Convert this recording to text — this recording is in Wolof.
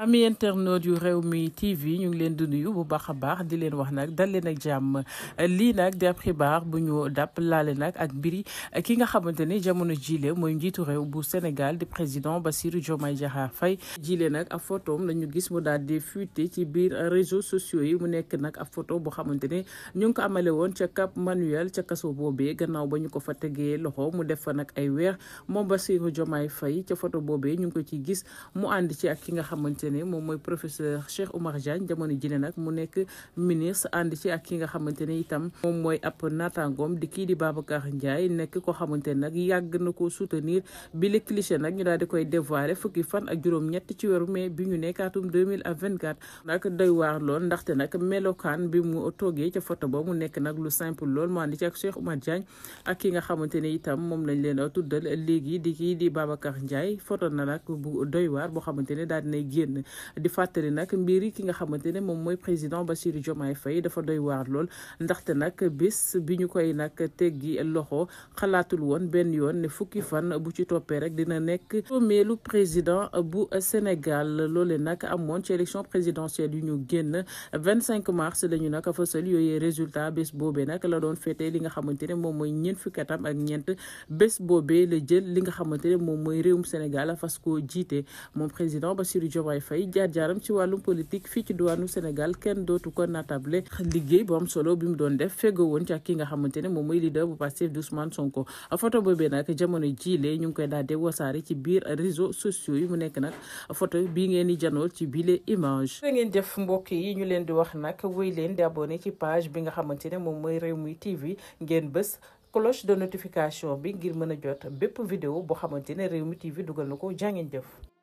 am ami internautes yu réew mi TV ñu ngi leen di nuyu bu baax a baax di leen wax nag dal leen ak jàmm lii nag di ab xibaar bu ñu dàpp laale nag ak mbiri ki nga xamante ni jamono jile mooy njiitu réew bu Sénégal di président Bassirou Diomaye Diakhar Faye jile nag a photom la ñu gis mu daal di fuité ci biir réseaux sociaux yi mu nekk nag ab photo bu xamante ni ñu ngi ko amale woon ca Cap Manuel ca kaso boobee gannaaw ba ñu ko fa tegee loxo mu def fa nag ay weer moom Bassirou Diomaye Faye ca photo boobee ñu ngi ko ciy gis mu ànd ci ak ki nga xamante ne moom mooy professeur Cheikh Oumar Diagne jamono jile nag mu nekk ministre ànd ci ak ki nga xamante ne itam moom mooy ab naataangoom di kii di Babacar Ndiaye nekk koo xamante ne nag yàgg na ko soutenir bi le cliché nag ñu daal di koy dévoiler fukki fan ak juróom-ñett ci weeru mai bi ñu nekk atum 2024 nag doy waar lool ndaxte nag melokaan bi mu toogee ca photo ba mu nekk nag lu simple lool mu ànd ci ak Cheikh ki nga xamante ne itam moom lañ leen a tuddal léegi di kii di Babacar na nag bu boo xamante ne daal dinay génn génn di fàttali nag mbir yi ki nga xamante ne moom mooy président ba Bassirou Diomaye Faye dafa doy waar lool ndaxte nag bis bi ñu koy nag teggi loxo xalaatul woon benn yoon ne fukki fan bu ci toppee rek dina nekk premieru président bu Sénégal loole nag amoon ci élection présidentielle yu ñu génn 25 mars lañu nag fësal yooyu résultat bés boobee nag la doon féetee li nga xamante ne moom mooy ñeent fukki ak ñeent bés boobee la jël li nga xamante ne moom mooy réewum Sénégal fas koo jiite moom président Bassirou Diomaye Faye jaar-jaaram ci wàllum politique fii ci duwaanu Sénégal kenn dootu ko natable liggéey bu solo bi mu doon def fego woon ca ak ki nga xamante ne moom mooy leader bu Pastef di Ousmane Sonko photo boobee nag jamono jiile ñu ngi koy daal di wasaare ci biir réseaux sociaux yi mu nekk nag photo bii ngeen di janool ci bile image. da ngeen def mbokk yi ñu leen di wax nag wéy leen di abonné ci page bi nga xamante ne moom mooy Rewmi TV ngeen bës. cloche de notification bi ngir mën a jot bépp vidéo boo xamante ne Rewmi TV dugal na ko jàngeen jëf